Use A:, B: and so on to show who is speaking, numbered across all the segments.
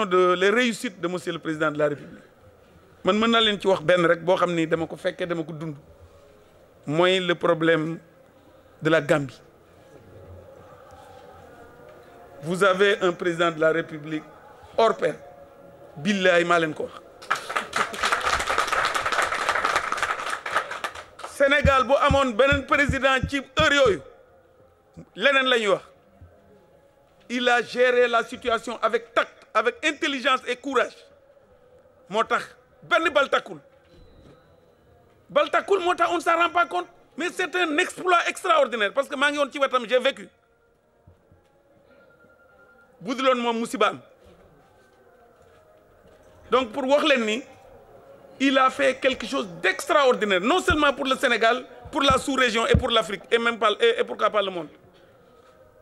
A: l'évaluation de les réussite de monsieur le président de la république man mën naa leen ci wax benn rek boo xam ni dama ko fekkee dama ko dund mooy le problème de la Gambie vous avez un président de la république hors pair billaay maa ko wax Sénégal bu amoon beneen président ci heure yooyu leneen la ñuy wax il a géré la situation avec tact avec intelligence et courage moo tax benn bal takkul bal takkul moo tax on ne s'en pas compte mais c'est un exploit extraordinaire parce que maa ngi woon ci wetam j'ai vécu bu duloon moom musibaam donc pour wax leen ni il a fait quelque chose d'extraordinaire non seulement pour le Sénégal pour la sous-région et pour l'Afrique et même pas et pourquoi pas le monde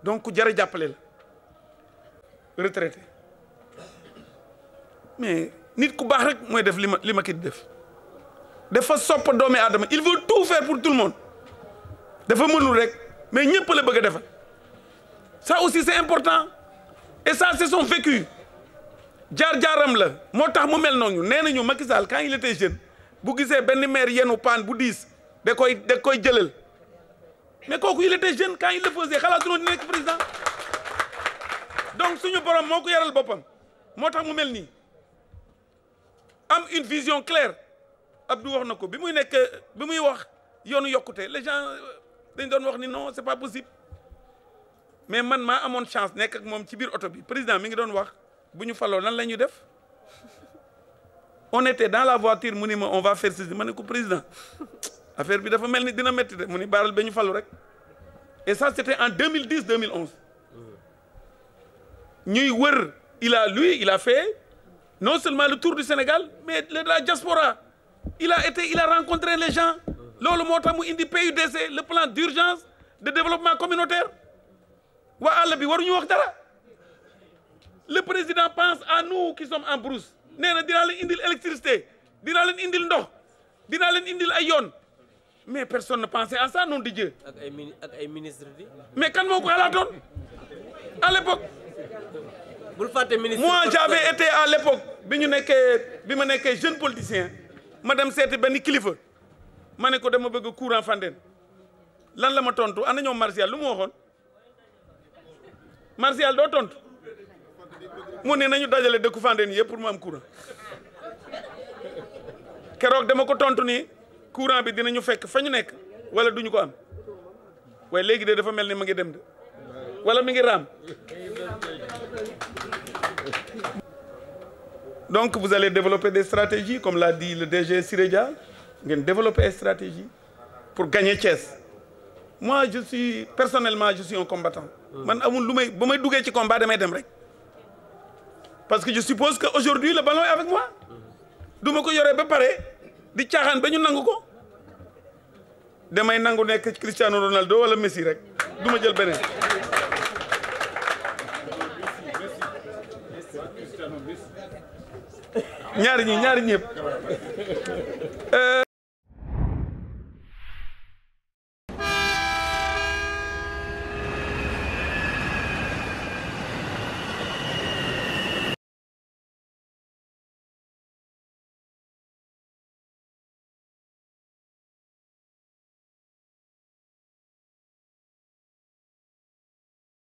A: donc jërë jàppale la retraité mais nit ku baax rek mooy def li ma li ma kii di def dafa sopp doomi aadama il veut tout faire pour tout le dafa mënul rek mais ñëpp la bëgg a defal ça aussi c'est important et ça c'est son jaar-jaaram la moo tax mu mel noonu nee nañu Macky kaa ngi la était jeune bu gisee benn maire yenu paan bu diis da koy da koy jëlal mais kooku il était kaa ngi il le faisait xalaatuñu dina nekk président donc suñu borom moo ko yaral boppam moo tax mu mel nii. am une vision claire Abdou wax na ko bi muy nekk bi muy wax yoonu yokkute les gens euh, dañ doon wax ni non c'est pas possible mais man maa amoon chance nekk ak moom ci biir oto bi président mi ngi doon wax bu ñu faloo lan la ñu def on était dans la voiture mu ni ma on va faire ceci ma ne ko président affaire bi dafa mel ni dina métti de mu ni ba ñu falo rek et ça c'était en 2010 2011 ñuy wër il a lui il a fait non seulement le tour du Sénégal mais la diaspora il a été il a rencontré les gens loolu moo tax mu indi PUDC le plan d'urgence de développement communautaire waa àll bi waruñu wax dara le président pense à nous qui sommes en brousse nee na dinaa leen indil électricité dinaa leen indil ndox dinaa leen indil ay yoon mais personne ne pensait à di Dieu. ak ay mini ak ay ministre di. mais kan moo ko xalaatoon à l'époque. bul fàtte ministre moi j'avais été à l'époque bi ñu nekkee bi ma nekkee jeune politicien ma dem seeti benn kilifa ma ne ko dem dama bëgg courant Fandène lan la ma tontu ana ñoom Martial lu mu waxoon Martial doo tontu mu ne nañu dajale dëkku Fandène yëpp pour mu am courant keroog dema ko tontu nii. courant bi dinañu fekk fa nekk wala duñu ko am waaye léegi de dafa mel ni ma ngi dem de wala mi ngi raam donc vous allez développer des stratégies comme l'a dit le DG Sirédia ngeen développer des stratégies pour gagner cees moi je suis personnellement je suis un combattant man amul lu may ba may duggee ci combat damay dem rek parce que je suppose que aujourd'hui le ballon est avec moi du ma ko yoree ba pare di caaxaan ba ñu nangu ko damay nangu nekk Cristiano Ronaldo wala Messi rek du ma jël beneen. ñaari ñi ñaari ñëpp.